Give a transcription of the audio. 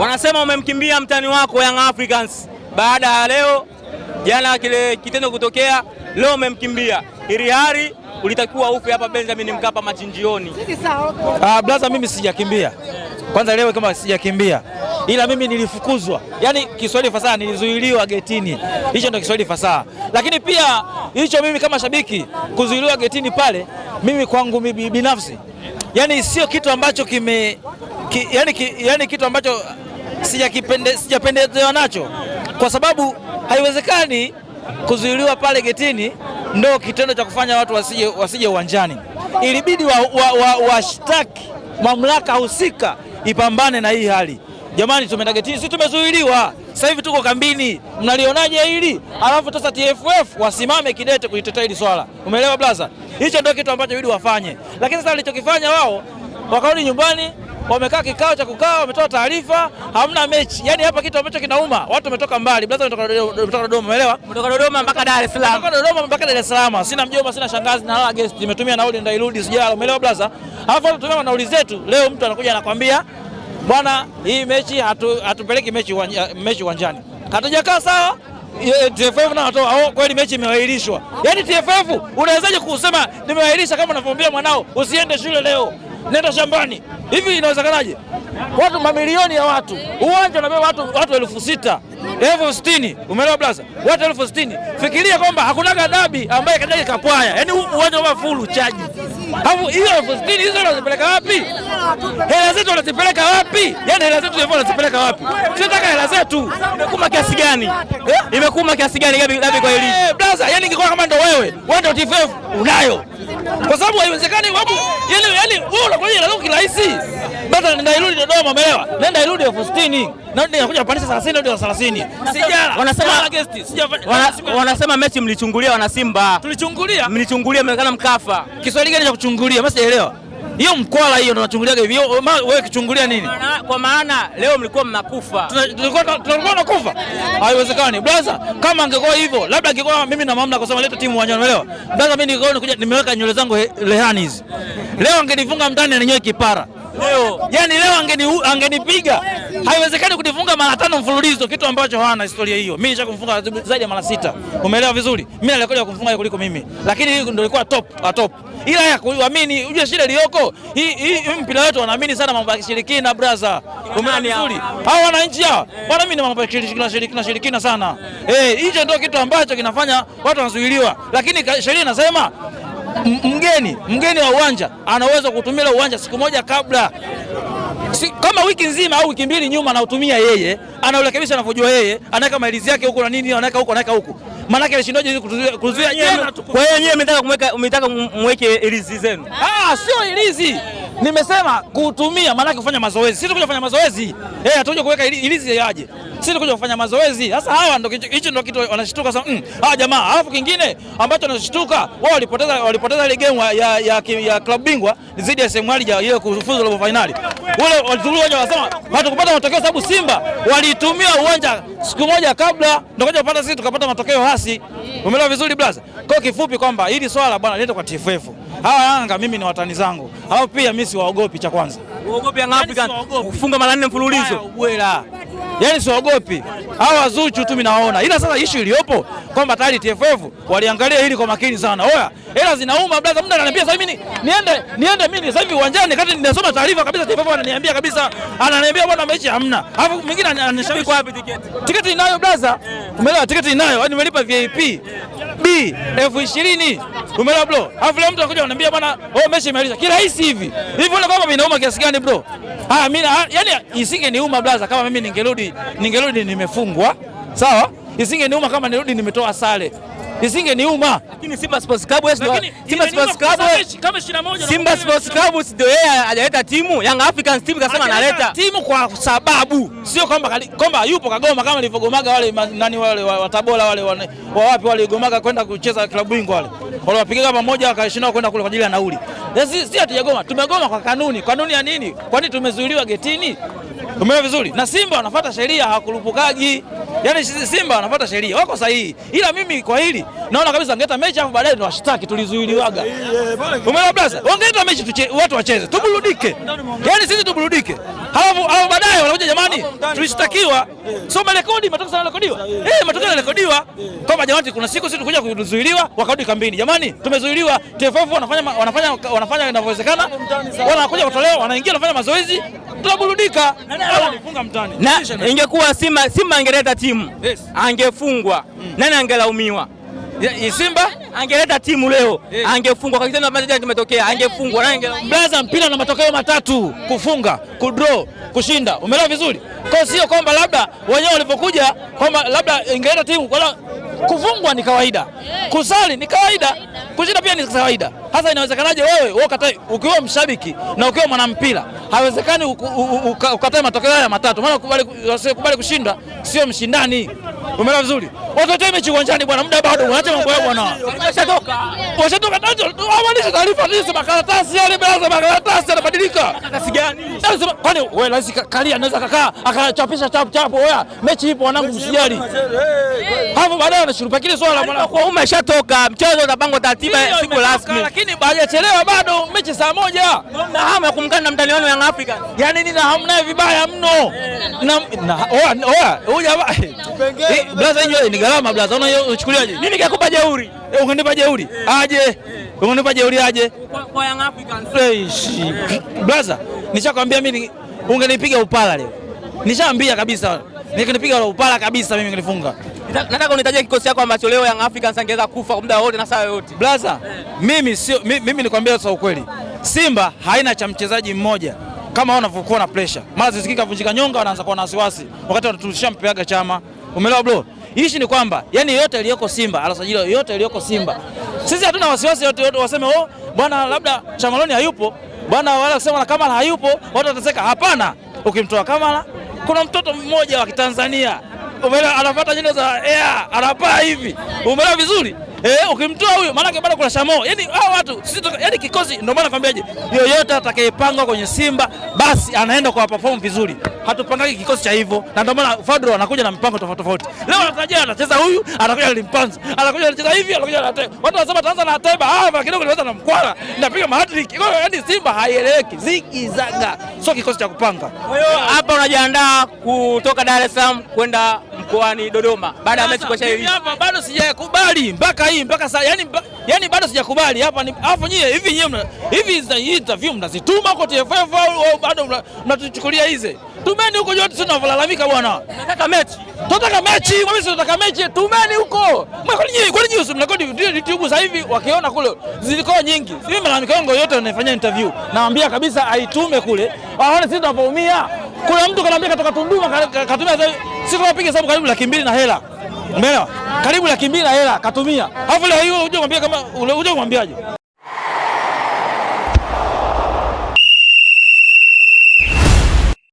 Wanasema umemkimbia mtani wako Young Africans baada ya leo jana kile kitendo kutokea, leo umemkimbia ili hali ulitakiwa ufe hapa Benjamin Mkapa machinjioni. Ah, blaza, mimi sijakimbia kwanza leo kama sijakimbia, ila mimi nilifukuzwa, yaani Kiswahili fasaha, nilizuiliwa getini. Hicho ndio Kiswahili fasaha, lakini pia hicho mimi kama shabiki kuzuiliwa getini pale, mimi kwangu mimi binafsi, yaani sio kitu ambacho kime ki, yani, ki, yani kitu ambacho sijapendezewa nacho kwa sababu haiwezekani kuzuiliwa pale getini ndo kitendo cha kufanya watu wasije, wasije uwanjani. Ilibidi washtaki wa, wa, wa mamlaka husika ipambane na hii hali. Jamani, tumeenda getini, si tumezuiliwa, sasa hivi tuko kambini, mnalionaje hili? Alafu sasa TFF wasimame kidete kulitetea hili swala, umeelewa blaza? Hicho ndio kitu ambacho bidi wafanye, lakini sasa walichokifanya wao wakarudi nyumbani wamekaa kikao cha kukaa, wametoa taarifa, hamna mechi. Yani hapa kitu ambacho kinauma, watu wametoka mbali, blaza wametoka wametoka Dodoma, umeelewa, kutoka Dodoma mpaka Dar es Salaam, kutoka Dodoma mpaka Dar es Salaam. Sina mjomba, sina shangazi, nalala guest, nimetumia nauli ndairudi, sijala, umeelewa brother? Alafu tunatumia nauli zetu, leo mtu anakuja anakwambia bwana, hii mechi hatu, hatupeleki mechi mechi uwanjani, hatujakaa sawa eh, TFF na watoa oh, kweli mechi imeahirishwa. Yaani TFF unawezaje kusema nimewaahirisha kama unavyomwambia mwanao usiende shule leo? nenda shambani. Hivi inawezekanaje? Watu mamilioni ya watu, uwanja unabeba watu watu elfu sita elfu sitini umeelewa blaza? Watu elfu sitini Fikiria kwamba hakunaga dabi ambaye kajaji kapwaya, yaani uwanja wa fulu chaji hapo hiyo elfu sitini hizo wanazipeleka wapi? Hela zetu wanazipeleka wapi? Yaani hela zetu wanazipeleka wapi? Tunataka hela zetu. Imekuma kiasi gani? Eh? Imekuma kiasi gani gabi gabi kwa elimu? Blaza, yani ingekuwa kama ndo wewe, wewe ndo TFF unayo. Kwa sababu haiwezekani wapo. Yaani yaani wewe unakwenda hela zako kirahisi. Bata nenda irudi Dodoma, umeelewa? Nenda irudi elfu sitini kupandisha 30 30. ndio Sijala. Wanasema guest. Wanasema mechi mlichungulia, wana Simba Tulichungulia. mlichungulia, mekana mkafa. Kiswahili gani cha kuchungulia? Basi elewa hiyo mkwala hiyo, ndo nachungulia hivi. Wewe kichungulia nini? Kwa maana leo mlikuwa mnakufa, tulikuwa nakufa. Haiwezekani Brother, kama angekuwa hivyo, labda angekuwa mimi na mamlaka kusema leta timu uwanjani, umeelewa? Brother, Mimi nilikuwa nimeweka nywele zangu rehani hizi, leo angenifunga mtani na nyoe kipara leo, yani leo angenipiga Haiwezekani kunifunga mara tano mfululizo, kitu ambacho hawana historia hiyo. Mimi nisha kumfunga zaidi ya mara sita, umeelewa vizuri. Mimi na rekodi ya kumfunga yeye kuliko mimi, lakini hii ndio ilikuwa top wa top, ila ya kuamini. Unajua shida iliyoko hii hii, mpira wetu wanaamini sana mambo ya kishirikina brother, umeelewa vizuri. Hao wananchi hao bwana, mimi wanaamini mambo ya kishirikina shirikina shirikina sana, eh, hicho ndio kitu ambacho kinafanya watu wanazuiliwa, lakini sheria inasema mgeni mgeni wa uwanja anaweza kutumia uwanja siku moja kabla si, kama wiki nzima au wiki mbili nyuma anautumia yeye, anaurekebisha anavyojua yeye, anaweka maelezo yake huko na nini, anaweka huko, anaweka huko maana yake alishindaje kuzuia. Kwa hiyo yeye umetaka kumweka, mweke ilizi zenu? Ah, sio ilizi Nimesema kuutumia maanake kufanya mazoezi. Sisi tunakuja kufanya mazoezi. Eh, hatukuja kuweka ilizi yaje. Sisi tunakuja kufanya mazoezi. Sasa hawa ndio hicho ndio kitu wanashtuka sasa. Mm, hawa jamaa. Alafu kingine ambacho wanashtuka, wao walipoteza walipoteza ile game ya ya, ya, ya klabu bingwa dhidi ya SMR ile kufuzu robo finali. Wale walizuru waje wasema hatukupata matokeo sababu Simba walitumia uwanja siku moja kabla ndio kuja kupata sisi tukapata matokeo hasi. Umeelewa vizuri brother? Kwa kifupi kwamba hili swala bwana leta kwa TFF hawa Yanga mimi ni watani zangu, alafu pia mimi siwaogopi. Cha kwanza uogopi Yanga Afrika yaani kufunga mara nne mfululizo bwela, yani siwaogopi hawa Zuchu tu mimi naona, ila sasa issue iliyopo kwamba tayari TFF waliangalia hili kwa makini sana. Oya, hela zinauma brother, mtu ananiambia sasa mimi niende niende mimi sasa hivi uwanjani kati ninasoma taarifa kabisa, TFF ananiambia kabisa, ananiambia bwana mechi hamna, alafu mwingine anashauri kwa wapi tiketi? Tiketi inayo brother, umeelewa? Tiketi inayo, yaani nimelipa VIP B elfu ishirini umeona bro. Alafu leo mtu anakuja ananiambia bwana, oh mechi imeisha. Kirahisi hivi. Hivi unaona kama inauma kiasi gani bro? Ah, mimi ah, yani isinge niuma blaza kama mimi ningerudi ningerudi nimefungwa. Sawa? Isinge niuma kama nirudi nimetoa sare isingeniuma. Lakini Simba Sports Club ndio yeye hajaleta timu Young African timu kasema analeta timu kwa sababu sio kwamba kwamba yupo kagoma kama nilivyogomaga wale nani wale wa Tabora wale wa wapi wale gomaga kwenda kucheza klabu bingwa wale wale wapigaga pamoja wakashinda kwenda kule kwa ajili ya nauli. Sisi hatujagoma, tumegoma kwa kanuni. Kanuni ya nini? Kwani tumezuiliwa getini? Umeona vizuri? Na Simba wanafuata sheria, hawakurupukaji. Yaani Simba wanafuata sheria, wako sahihi. Ila mimi kwa hili naona kabisa wangeita mechi afu baadaye ni washtaki tulizuiliwaga. Umeona blaza? Wangeita mechi tuche, watu wacheze, tuburudike. Yaani sisi tuburudike. Halafu halafu baadaye wanakuja jamani, tulishtakiwa. So marekodi matokeo sana rekodiwa. Eh, matokeo yanarekodiwa. Kama jamani kuna siku sisi tukuja kuzuiliwa, wakarudi kambini. Jamani, tumezuiliwa. TFF wanafanya wanafanya wanafanya inavyowezekana. Wanakuja kutolewa, wanaingia wanafanya mazoezi. Tunaburudika na ingekuwa Simba, Simba angeleta timu yes. Angefungwa mm. Nani angelaumiwa? Simba angeleta timu leo yes. Angefungwa kwa kitendo ambacho kimetokea, yaani angefungwa nani angelaumiwa? Blaza, mpira na matokeo matatu: kufunga, kudraw, kushinda. Umeelewa vizuri? Kwa hiyo sio kwamba labda wenyewe walipokuja kwamba labda ingeleta timu kwa Kuvungwa ni kawaida, kusali ni kawaida, kushinda pia ni kawaida. Hasa inawezekanaje wewe ukatae, ukiwa mshabiki na ukiwa mwanampira? Haiwezekani ukatae matokeo haya matatu, maana kubali, kushinda kushindwa sio mshindani. Umeelewa vizuri? watotoe mechi uwanjani bwana, muda bado, waache mambo yao bwana, washatoka washatoka nazo, hawanishi taarifa hizo Makaratasi yale bwana, makaratasi yanabadilika. Karatasi gani? Yaani kwani wewe lazima kalia, anaweza kakaa akachapisha chap chap, oya, mechi ipo wanangu, msijali hapo, baadaye anashurupa kile swala bwana, kwa umma ishatoka, mchezo na bango taratiba siku rasmi, lakini hajachelewa bado, mechi saa moja, na hamu ya kumkana na mtani wenu Young Africa, yani nina hamu naye vibaya mno, na oya oya, huyu jamaa eh, blaza gharama blaza, unachukuliaje? Nini kakupa jeuri? Eh, ukanipa jeuri eh. aje, ukanipa jeuri aje kwa Young Africans blaza. Nishakwambia mimi ungenipiga upala leo, nishaambia kabisa, nikinipiga upala kabisa mimi ngenifunga. Nataka unitajie kikosi chako ambacho leo Young Africans angeweza kufa muda wote na saa yoyote blaza. Eh. Mimi sio mimi, nikwambia sasa ukweli, Simba haina cha mchezaji mmoja kama wanavyokuwa na pressure, mara zisikika vunjika nyonga, wanaanza kuwa na wasiwasi, wakati wanaturusha mpeaga chama, umeelewa bro? Hishi ni kwamba yani yote aliyoko Simba alasajili yote aliyoko Simba, sisi hatuna wasiwasi yote yote waseme oh, bwana labda Chamaloni hayupo bwana, wala kusema na Kamala hayupo, watu wataseka. Hapana, ukimtoa kamala kuna mtoto mmoja wa Kitanzania umeelewa, anafuata nyendo za air, anapaa hivi, umeelewa vizuri eh, ukimtoa huyo maanake bado kuna shamo. yani, hao watu sisi, yani kikosi, ndio maana nakwambiaje, yoyote atakayepangwa kwenye Simba basi anaenda kwa perform vizuri. Hatupangaki kikosi cha hivyo, na ndio maana Fadro anakuja na mpango tofauti tofauti. Leo anatarajia anacheza huyu, anakuja alimpanza, anakuja anacheza hivi, anakuja na Watu wanasema ataanza na Ateba, ah, mara kidogo niweza na Mkwala, napiga mahatrick. Kwa hiyo yani Simba haieleweki, zigi zaga, sio kikosi cha kupanga. Kwa hiyo hapa unajiandaa kutoka Dar es Salaam kwenda mkoani Dodoma baada ya mechi kuisha. hivi. hapa bado sijakubali mpaka hii mpaka sasa, yani yani bado sijakubali hapa. Ni Alafu nyie hivi nyie mna hivi za interview mnazituma kwa TFF au bado mnatuchukulia hizi? Tumeni huko yote, sio tunalalamika bwana. Nataka mechi. Tunataka mechi, mimi sio nataka mechi. Tumeni huko. mko nyie, kwa nini mnakodi YouTube sasa hivi wakiona kule zilikuwa nyingi. Mimi malalamiko yangu yote naifanyia interview. Naambia kabisa aitume kule. Waone sisi tunapoumia. Kuna mtu kanaambia katoka Tunduma katumia sisi tunapiga hesabu karibu laki mbili na hela. Umeelewa? Karibu laki mbili na hela katumia. Alafu leo hiyo unje kumwambia kama unje kumwambiaje?